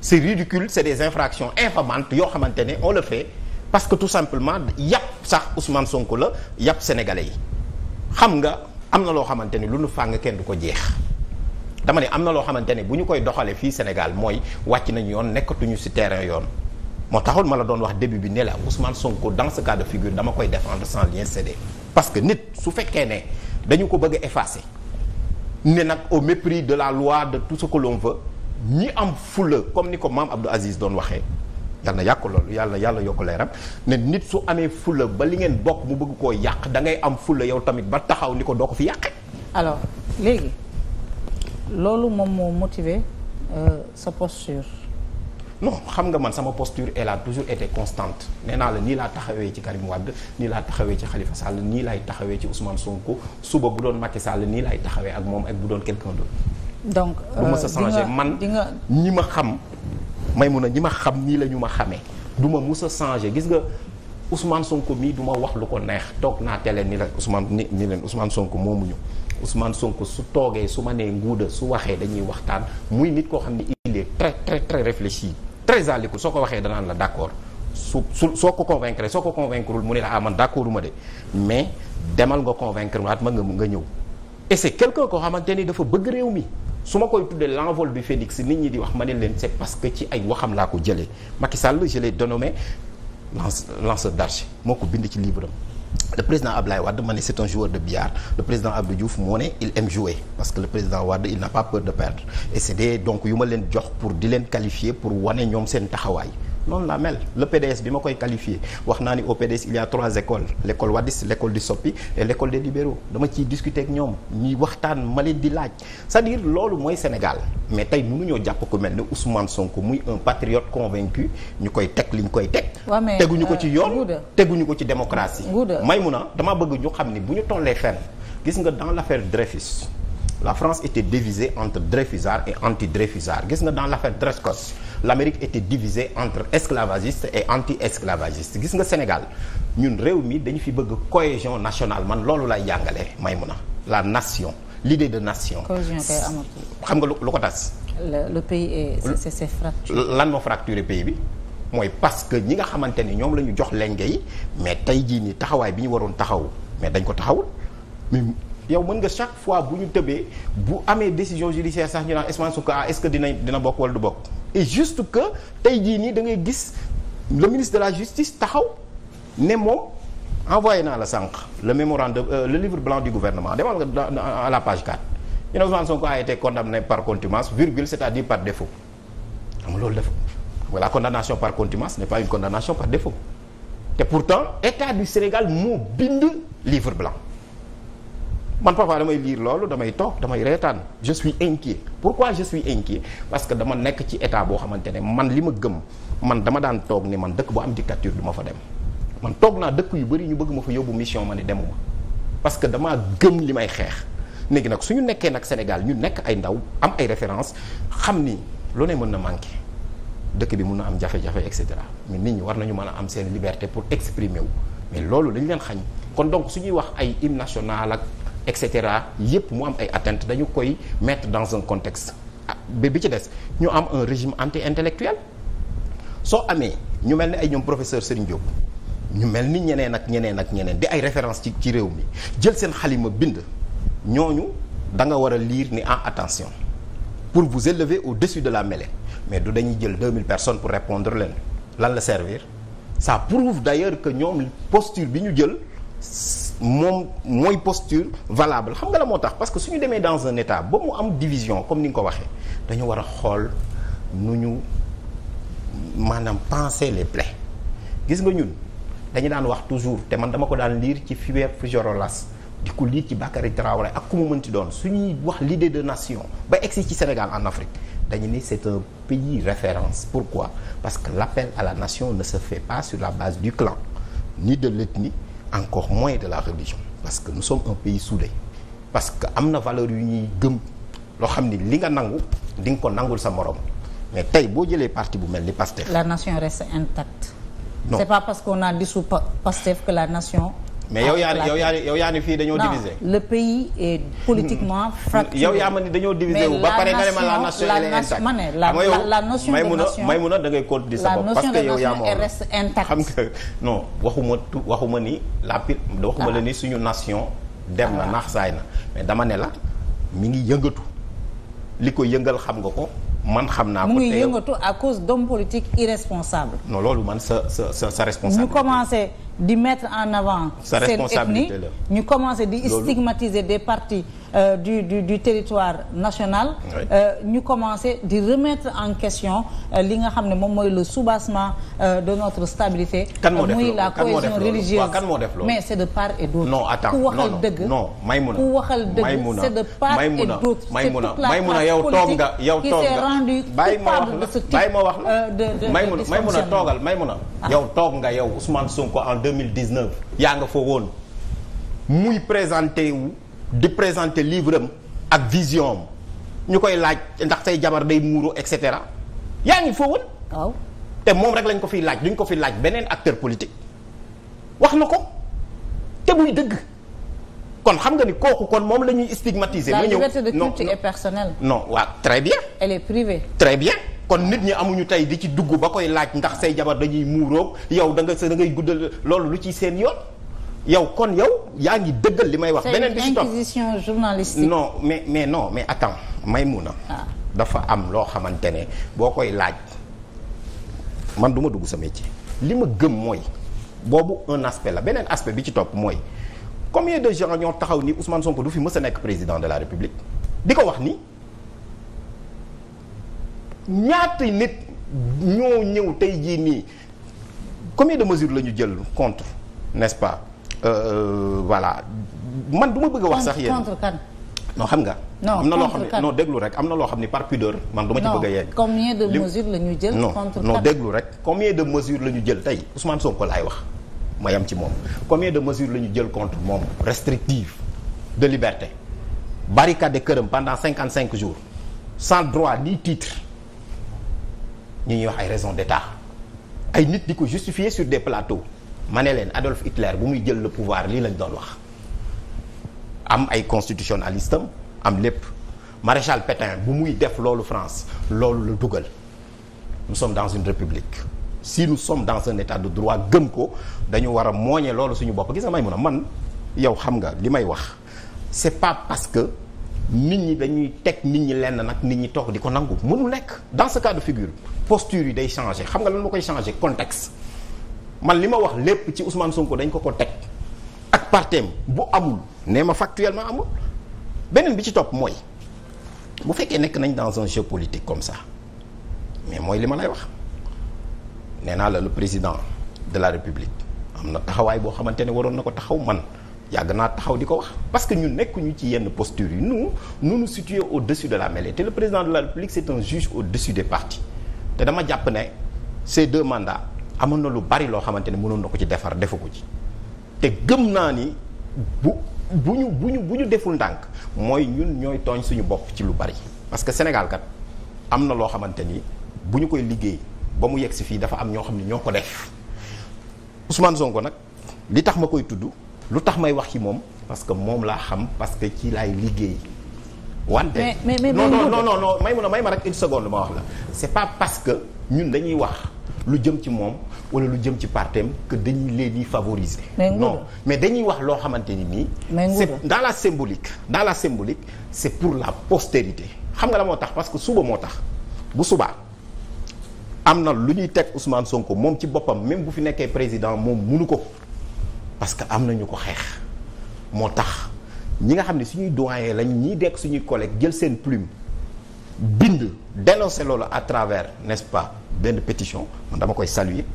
c'est ridicule c'est des infractions infamantes yoo xamante ne on le fait parce que tout simplement yàpp sax Ousmane Sonko la yàpp sénégalais yi xam nga am na loo xamante ne lu nu fàng kenn du ko jeex dama ne am na loo xamante ne bu ñu koy doxalee fii Sénégal mooy wàcc nañu yoon nekkatuñu si terrain yoon moo taxoon ma la doon wax début bi ne la Ousmane Sonko dans ce cas de figure dama koy défendre sans lien cédé parce que nit su fekkee ne dañu ko bëgg a effacer nag au mépris de la loi de tout ce que l'on ñi am fulla comme ni ko maam Abdou Aziz doon waxee yàlla na yàq loolu yàlla yàlla yokk leeram ne nit su amee fulla ba li ngeen bokk mu bëgg koo yàq da ngay am fulla yow tamit ba taxaw ni ko doo ko fi yàqee. alors léegi loolu moom moo motiver euh, sa posture. non xam nga man sama posture et la toujours été constant nee naa la nii laa taxawee ci Karim Wade nii laa taxawee ci Khalifa Sall nii laay taxawee ci Ousmane Sonko suba bu doon Macky Sall nii laay taxawee ak moom ak bu doon quelqu'un donc bu ma sa euh, changé man ñi ma xam may mun a ñi ma xam nii la ñu ma xamee du ma mus a changé gis nga Ousmane Sonko mii du ma wax lu ko neex toog naa te télé ni la Ousmane ni ni leen Ousmane Sonko moomuñu Ousmane Sonko su toogee su ma nee nguuda su waxee dañuy waxtaan muy nit koo xam ne il est très très très réfléchi très à soo ko waxee danaa la d'accord su su soo ko convaincre soo ko convaincreul mu ne la ah man ma de mais demal nga convaincre waat ma nga nga ñëw et c'est quelqu'un koo xamante ni dafa bëgg réew mi su ma koy tuddee l'envol du phénix nit ñi di wax ma ne leen c'est parce que ci ay waxam laa ko jëlee Macky Sall je l'ai dénommé lance lanceur d'archi moo ko bind ci livre am le président Ablaye Wade ma ne c'est un joueur de billard le président Abdou Diouf moo ne il aime jouer parce que le président Wade il n'a pas peur de perdre et c'est des donc yu ma leen jox pour di leen qualifier pour wane ñoom seen taxawaay noonu la mel le PDS bi ma koy qualifié wax naa ni au PDS il y a trois écoles l' école Wadis l' école du Soppi et l' école des dama ciy discuter ak ñoom ñuy waxtaan ma leen di laaj cest à loolu mooy Sénégal mais tey mu mënuñoo jàpp ko mel ne Ousmane Sonko muy un patriote convaincu ñu koy teg li ñu koy teg. teguñu ko ci euh, yoon teguñu ko ci may démocratie. Maymuna dama bëgg ñu xam ni bu ñu tollee fenn gis nga dans l' affaire Dreyfus la France était divisée entre Dreyfusards et anti gis nga dans l' affaire Drescos l'Amérique était divisée entre esclavagistes et anti gis nga Sénégal ñun réew mi dañu fi bëgg cohésion nationale man loolu lay jàngale Maïmouna la nation l'idée de nation. xam nga lu ko tas. le pays est c'est fracturé. lan moo fracturé pays bi. mooy parce que ñi nga xamante ne ñoom la ñu jox lenge mais tey jii nii taxawaay bi ñu waroon taxaw mais dañ ko taxawul mais yow mën nga chaque fois bu ñu tëbee bu amee décision judiciaire sax ñu naan Ousmane Sonko ah est-ce que dinañ dina bokk wala du bokk e juste que tey jii nii da ngay gis le ministre de la justice taxaw ne moom envoyé naa la sànq le mémorandum euh, le livre blanc du gouvernement demal nga à la page 4 ñu ne Ousmane Sonko a été condamné par contumace virgule c'est-à-dire par défaut xam nga loolu dafa la condamnation par contumace n'est pas une condamnation par défaut te pourtant état du Sénégal moo bind livre blanc man parfois damay lire loolu damay toog damay reetaan je suis inquiet pourquoi je inquiet parce que dama nekk ci état boo xamante ne man li ma gëm man dama daan toog ne man dëkk bu am dictature du ma fa dem man toog naa dëkk yu bëri ñu bëgg ma fa yóbbu mission ma ni ne demuma parce que damaa gëm li may xeex léegi nag suñu nekkee nag Sénégal ñu nekk ay ndaw am ay référence xam ni lu ne mën na manqué dëkk bi mun na am jafe-jafe et cetera mais nit ñi war nañu mën a am seen liberté pour exprimer wu mais loolu dañ leen xañ kon donc suñuy wax ay hymne national ak et cetera yépp mu am ay atteinte dañu koy mettre dans un contexte ah, ba bi ci des ñu am un régime anti-intellectuel soo amee ñu mel ni ay ñoom professeur Serigne jóg ñu mel ni ñeneen ak ñeneen ak ñeneen di ay référence ci ci réew mi jël seen xalima bind ñooñu da nga war a liir ni en ah, attention pour vous élever au-dessus de la mêlée mais du dañuy jël mille personnes pour répondre leen lan la servir ça prouve d'ailleurs que ñoom posture bi ñu jël moom mooy posture valable xam nga la moo tax parce que su ñu demee dans un état ba mu am division comme ni nga ko waxee dañu war a xool nu ñu maanaam penser les plaies gis nga ñun dañu daan wax toujours te man dama ko daan liir ci Hubert Fiodoras di ko lire ci Bakary Traoré ak ku mu mënti doon suñuy wax l'idée de nation ba egsi ci Sénégal en Afrique dañu ni c'est un pays référence pourquoi parce que l'appel à la nation ne se fait pas sur la base du clan ni de l'ethnie encore moins de la religion parce que nous sommes un pays soudé parce que am na valeur yu ñuy gëm loo xam ni li nga nangu di nga ko nangul sa morom mais tey boo jëlee parti bu mel ni Pastef. la nation reste intacte. non c'est pas parce qu'on a dissous Pastef que la nation. mais yow yaa ah, yow yaa yow yaa fii dañoo diviser. non le pays est politiquement hmm. fracturé. yow yaa ma ni dañoo diviser wu ba pare nga ne la nation la nation ma ne la la notion de may mun a da ngay continuer sa bopp parce que yow yaa ma reste intacte xam nga non waxuma tu waxuma ni la pire waxuma la ah. ni suñu nation dem na ah. naax na mais dama ne la mi ngi yëngatu li ko yëngal xam nga ko man xam naa ko mu ngi yëngatu à cause d'hommes politiques irresponsables. non loolu man sa sa sa sa responsabilité. commencé di mettre en avant. sa responsabilité la seen ethnie ñu commencé di stigmatiser des partis. euh, du, du du territoire national euh, ñu commencé di remettre en question euh, li nga xam ne moom mooy le soubassement euh, de notre stabilité muy moo def religieuse mais c'est de part et d'autre non attends ku waxal dëgg non Maïmouna ku waxal dëgg c'est de part et d'autre Maïmouna Maïmouna yow toog nga yow toog nga rendu coupable de ce type bàyyi ma wax Maïmouna may toogal Maïmouna ah. yow toog nga yow Ousmane Sonko en 2019 yaa nga fa woon muy présenté wu di présenter livre ak vision am ñu koy laaj ndax say jabar day muuru et cetera yaa ngi foowoon. te moom rek lañ ko fiy laaj duñ ko fi laaj beneen acteur politique wax na ko te muy dëgg. kon xam nga ni kooku kon moom la ñuy stigmatiser. ma ñëw non la liberté de culte est personnelle. non waaw très bien. elle est très bien kon nit ñi amuñu tey di ci dugg ba koy laaj ndax say jabar dañuy muuroog yow da nga sa da ngay guddal loolu lu ci seen yoon. yow kon yow yaa ngi dëggal li may wax. beneen bi ci topp inquisition non mais mais non mais attends Maymuna ah. dafa am loo xamante ne boo koy laaj man du ma dugg sa métier. li ma gëm mooy boobu un aspect la beneen aspect bi ci topp mooy combien de gens ñoo taxaw ni Ousmane Sonko du fi mës a nekk président de la République di ko wax ni ñaata nit ñoo ñëw tey jii nii combien de mesures la ñu jël contre n'est-ce pas. Euh, euh, voilà man du ma bëgg wax sax yéen contre kan. xam nga. xam na loo xam ne non déglu rek am na loo xam ne par pudeur man du ma ci bëgg a yegg. combien de mesures la ñu jël. contre non non déglu rek combien de mesures la ñu jël tey Ousmane Sonko laay wax ma yam ci moom combien de mesures la ñu jël contre moom restrictive de liberté barricade këram pendant cinquante cinq jours sans droit ni titre ñu ñuy wax ay raisons d'état ay nit di ko justifier sur des plateaux. ma ne leen Adolf Hitler bu muy jël le pouvoir lii lañ doon wax am ay constitutionnaliste am am lépp maréchal Pétain bu muy def loolu France loolu la dugal nous sommes dans une république si nous sommes dans un état de droit gëm ko dañu war a mooñe loolu suñu bopp gis nga may mun a man yow xam nga li may wax c'est pas parce que nit ñi dañuy teg nit ñi lenn nag nit ñi toog di ko nangu mënul nekk dans ce figure posture yi day changer xam nga lan moo koy changer contexte man li ma wax lépp ci Ousmane Sonko dañ ko ko teg ak parteem bu amul nee ma factuellement amul beneen bi ci topp mooy bu fekkee nekk nañ dans un jeu politique comme ça mais mooy li ma lay wax nee naa la lu président de la république am na taxawaay boo xamante ne waroon na ko taxaw man yàgg naa taxaw di ko wax parce que ñun nekkuñu ci yenn posture yi nous nous nous situons au-dessus de la mêlée te le président de la république c'est un juge au-dessus des te dama jàpp ne ces deux mandats amoon na lu bari loo xamante ni mënoon na ko ci defar defu ko ci te gëm naa ni bu bu ñu bu ñu bu ñu deful ndànk mooy ñun ñooy tooñ suñu bopp ci lu bari parce que Sénégal kat am na loo xamante ni bu ñu koy liggéey ba mu yegg si fii dafa am ñoo xam ne ñoo ko def Ousmane Sonko nag li tax ma koy tudd lu tax may wax ci moom parce que moom laa xam parce que ci laay liggéey. wante non non non non may mun a may ma rek une seconde ma wax la c'est pas parce que ñun dañuy wax lu jëm ci moom. wala lu jëm ci partem que dañuy leen di favoriser. non mais dañuy wax loo xamante ni nii. c'est dans la symbolique. dans la symbolique c'est pour la postérité xam nga la moo tax parce que suba moo tax bu suba am na lu ñuy teg Ousmane Sonko moom ci boppam même bu fi nekkee président moom munu ko parce que am na ñu ko xeex moo tax ñi nga xam ne su suñuy doyen lañ ñiy dekk suñuy collègue jël seen plume. bind dénoncer loolu à travers nest pas benn pétition man dama koy saluer